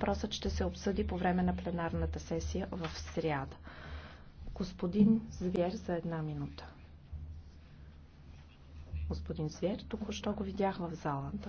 Въпросът ще се обсъди по време на пленарната сесия в сряда. Господин Звер за една минута. Господин Звер, току-що го видях в залата.